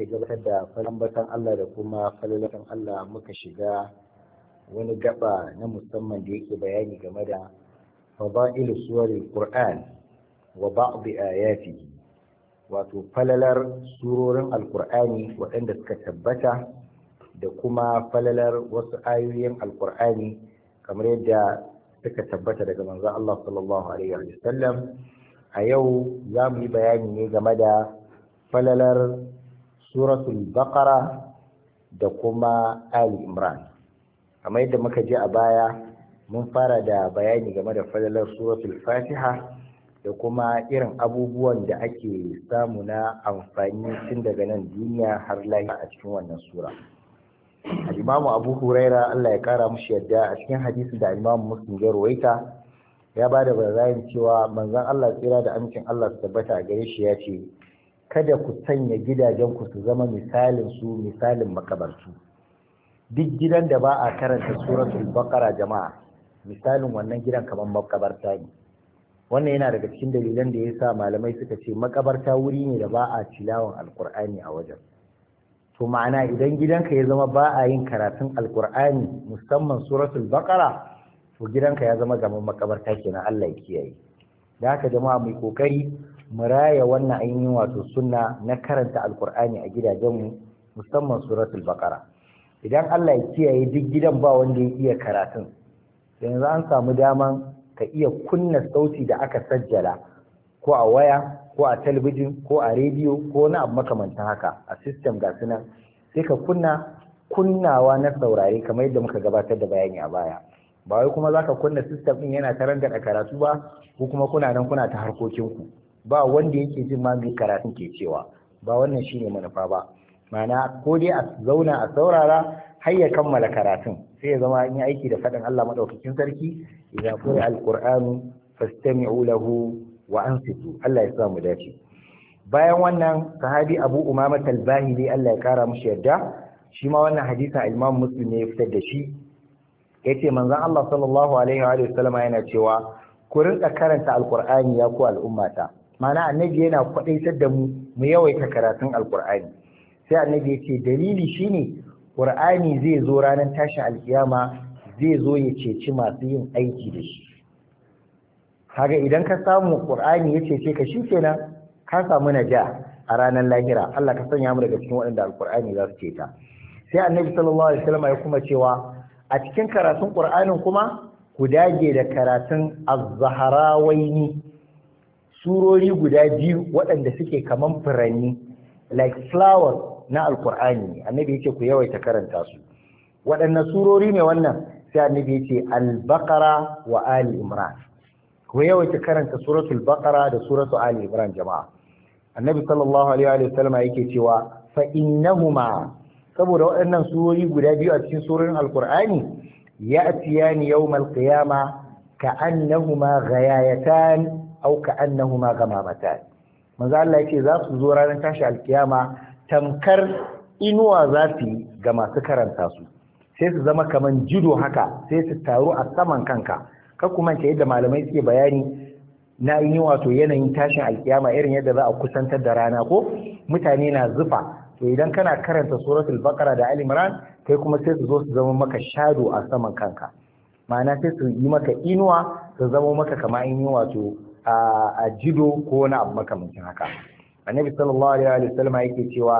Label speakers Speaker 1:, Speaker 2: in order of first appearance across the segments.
Speaker 1: muke gabatar da falambatan Allah da kuma falalatan Allah muka shiga wani gaba na musamman da yake bayani game da fada'ilu suwarin Qur'an wa ba'dhi ayatihi wato falalar surorin alkur'ani waɗanda suka tabbata da kuma falalar wasu ayoyin alkur'ani kamar yadda suka tabbata daga manzon Allah sallallahu alaihi wa sallam a yau za mu yi bayani ne game da falalar suratul baqara da kuma ali imran kamar yadda muka ji a baya mun fara da bayani game da falalar suratul fatiha da kuma irin abubuwan da ake samu na amfani tun daga nan duniya har lahiya a cikin wannan sura al abu huraira allah ya kara mushi yadda a cikin hadisi da al-imamu muslim ya rawaita ya ba da cewa manzon allah tsira da amincin allah su tabbata a gare shi ya ce kada ku sanya gidajenku su zama misalin su misalin makabarsu duk gidan da ba a karanta suratul baqara jama'a misalin wannan gidan kamar makabarta ne wannan yana daga cikin dalilan da yasa malamai suka ce makabarta wuri ne da ba a tilawan alqur'ani a wajen to ma'ana idan gidanka ya zama ba a yin karatun alqur'ani musamman suratul baqara to gidanka ya zama zaman makabarta kenan Allah ya kiyaye da haka jama'a mai kokari mu raya wannan ainihin wato sunna na karanta alkur'ani a gidajenmu musamman suratul baqara idan Allah ya kiyaye duk gidan ba wanda ya iya karatun yanzu an samu daman ka iya kunna sauti da aka sajjala ko a waya ko a talabijin, ko a rediyo ko na abu makamantan haka a system ga sunan sai ka kunna kunnawa na saurare kamar yadda muka gabatar da bayani a baya ba wai kuma zaka kunna system din yana ta da karatu ba ko kuma kuna nan kuna ta harkokinku ba wanda yake jin ma mai karatun ke cewa ba wannan shine manufa ba mana ko dai a zauna a saurara har ya kammala karatun sai ya zama an yi aiki da faɗin Allah madaukakin sarki idan qira alqur'anu fastami'u lahu wa ansitu Allah ya sa mu dace bayan wannan sahabi Abu Umama al-Bahili Allah ya kara mushi yadda shi ma wannan hadisin Imam Muslim ne ya fitar da shi yace manzon Allah sallallahu alaihi wa sallama yana cewa ku rinka karanta alqur'ani ya ku al'ummata mana annabi yana kwadaitar da mu mu yawaita karatun alkur'ani sai annabi yace ce dalili shine qur'ani zai zo ranar tashin alkiyama zai zo ya ceci masu yin aiki da shi kaga idan ka samu qur'ani ya cece ka shikenan ka samu naja a ranar lahira Allah ka sanya mu daga cikin waɗanda alkur'ani za su ceta sai annabi sallallahu alaihi wasallam ya kuma cewa a cikin karatun qur'anin kuma ku dage da karatun az-zaharawaini surori guda biyu waɗanda suke kaman furanni like flower na alkur'ani annabi yake ku yawaita karanta su waɗannan surori ne wannan sai annabi yake al-baqara wa ali imran ku yawaita karanta suratul baqara da suratul ali imran jama'a annabi sallallahu alaihi wa sallama yake cewa fa innahuma saboda waɗannan surori guda biyu a cikin surorin alkur'ani ya'tiyani yawmal qiyama ka'annahuma ghayayatan au ka annahuma mata manzo Allah yake za su zo ranar tashi alkiyama tamkar inuwa za su yi ga masu karanta su sai su zama kaman jido haka sai su taru a saman kanka ka kuma ce yadda malamai suke bayani na yi wato yanayin tashin alkiyama irin yadda za a kusantar da rana ko mutane na zufa to idan kana karanta suratul baqara da ali imran kai kuma sai su zo su zama maka shado a saman kanka ma'ana sai su yi maka inuwa su zama maka kama in yi wato a jido ko wani abu makamancin haka annabi sallallahu alaihi wa sallam yake cewa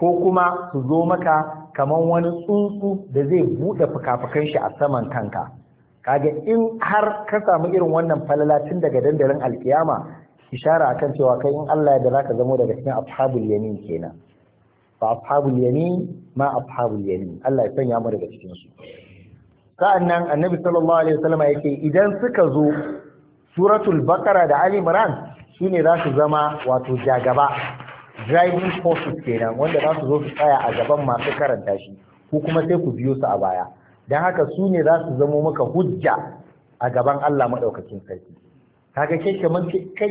Speaker 1: ko kuma su zo maka kaman wani tsuntsu da zai bude fukafukan shi a saman kanka kaga in har ka samu irin wannan falala tun daga dandalin alkiyama ishara akan cewa kai in Allah yadda za zaka zamo daga cikin ashabul yamin kenan fa ashabul yamin ma ashabul yamin Allah ya sanya mu daga cikin su sa'annan annabi sallallahu alaihi wasallam yake idan suka zo suratul bakara da ali imran shine za su zama wato jagaba driving forces kenan wanda za su zo su tsaya a gaban masu karanta shi ko kuma sai ku biyo su a baya dan haka su ne za su zamo maka hujja a gaban Allah madaukakin sarki kaga ke kamar kai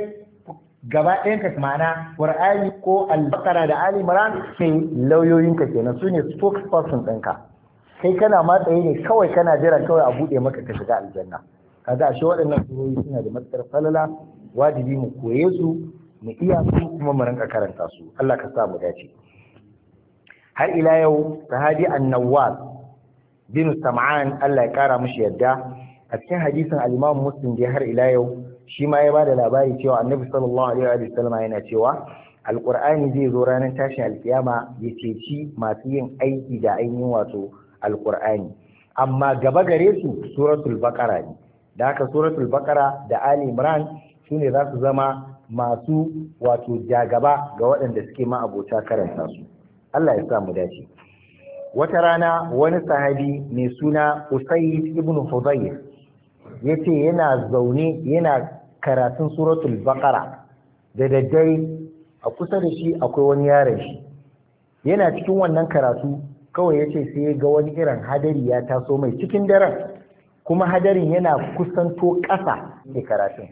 Speaker 1: gaba ɗayanka ma'ana Al-Qur'ani ko albakara da ali imran sai ka kenan su ne spokesperson ɗinka kai kana matsayi ne kawai kana jira kawai a buɗe maka ka shiga aljanna kaga ashe waɗannan surori suna da matukar falala wajibi mu koye su mu iya su kuma mu rinka karanta su Allah ka sa mu dace har ila yau sahabi an-nawwas bin sam'an Allah ya kara mushi yadda a cikin hadisin al-Imam Muslim dai har ila yau shi ma ya bada labari cewa Annabi sallallahu alaihi wa sallam yana cewa Al-Qur'ani zai zo ranar tashin alkiyama ya ceci masu yin aiki da ainihin wato Al-Qur'ani amma gaba gare su suratul baqara ne da haka suratul bakara da ali imran sune za su zama masu wato jagaba ga waɗanda suke ma abota karanta su Allah ya sa mu dace wata rana wani sahabi mai suna Usayd ibn Hudayr yace yana zaune yana karatun suratul bakara da daddare a kusa da shi akwai wani yaron shi yana cikin wannan karatu kawai yace sai ga wani irin hadari ya taso mai cikin daren kuma hadarin yana kusanto ƙasa da karatun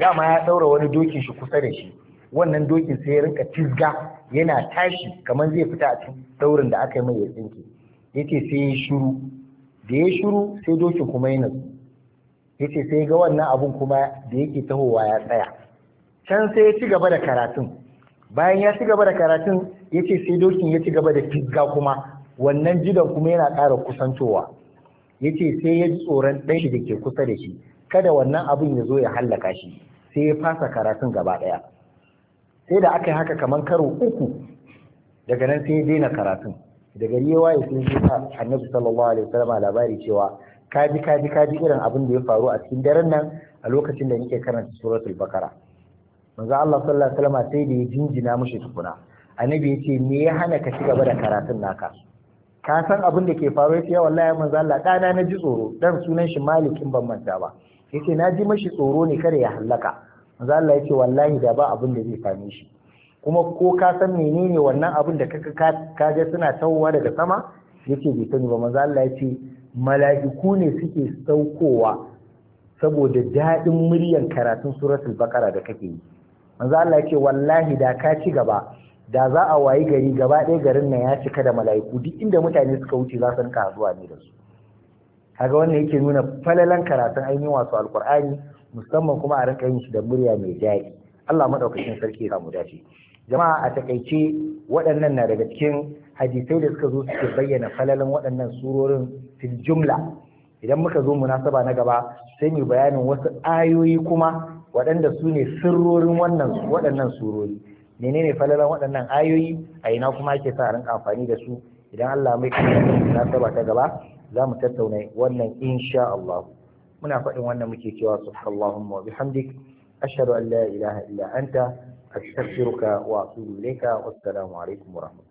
Speaker 1: dama ya ɗaura wani dokin shi kusa da shi wannan dokin sai ya rinka tizga yana tashi kamar zai fita a cikin ɗaurin da aka yi mai ya tsinke yace sai ya shiru da ya shiru sai dokin kuma ya Ya ce sai ga wannan abun kuma da yake tahowa ya tsaya can sai ya ci gaba da karatun bayan ya ci gaba da karatun ce sai dokin ya ci gaba da tizga kuma wannan jidan kuma yana ƙara kusantowa ya ce sai ya ji tsoron ɗan da ke kusa da shi kada wannan abin ya zo ya hallaka shi sai ya fasa karatun gaba ɗaya sai da aka yi haka kamar karo uku daga nan sai ya daina karatun daga riyawa ya sun jefa annabi sallallahu alaihi wasallam labari cewa kaji kaji kaji irin abin da ya faru a cikin daren nan a lokacin da nake karanta suratul bakara manzo Allah sallallahu alaihi wasallam sai da ya jinjina mushi tukuna annabi ya ce me ya hana ka ci gaba da karatun naka ka san abin da ke faru yace ya wallahi manzo Allah dana na ji tsoro dan sunan shi malikin ban manta ba yace na ji mashi tsoro ne kada ya hallaka manzo Allah yace wallahi da ba abin da zai same shi kuma ko ka san menene wannan abin da kaka ka ga suna tawowa daga sama yace bai sani ba manzo Allah yace mala'iku ne suke saukowa saboda daɗin muryan karatun suratul baqara da kake yi manzo Allah yace wallahi da ka ci gaba da za a wayi gari gaba ɗaya garin nan ya cika da mala'iku duk inda mutane suka wuce za su rinka zuwa ne da su kaga wannan yake nuna falalan karatun ainihin wasu alkur'ani musamman kuma a rinka yin shi da murya mai jari Allah madaukakin sarki ya samu dace jama'a a takaice waɗannan na daga cikin hadisai da suka zo suke bayyana falalan waɗannan surorin fil jumla idan muka zo munasaba na gaba sai mu bayanin wasu ayoyi kuma waɗanda su ne sirrorin waɗannan surori menene falalan waɗannan ayoyi a ina kuma ake sa rinka amfani da su idan Allah mai kuma saba ta gaba za mu tattauna wannan insha Allah muna faɗin wannan muke cewa subhanallahumma wa bihamdik ashhadu an la ilaha illa anta astaghfiruka wa atubu ilayka wassalamu alaikum wa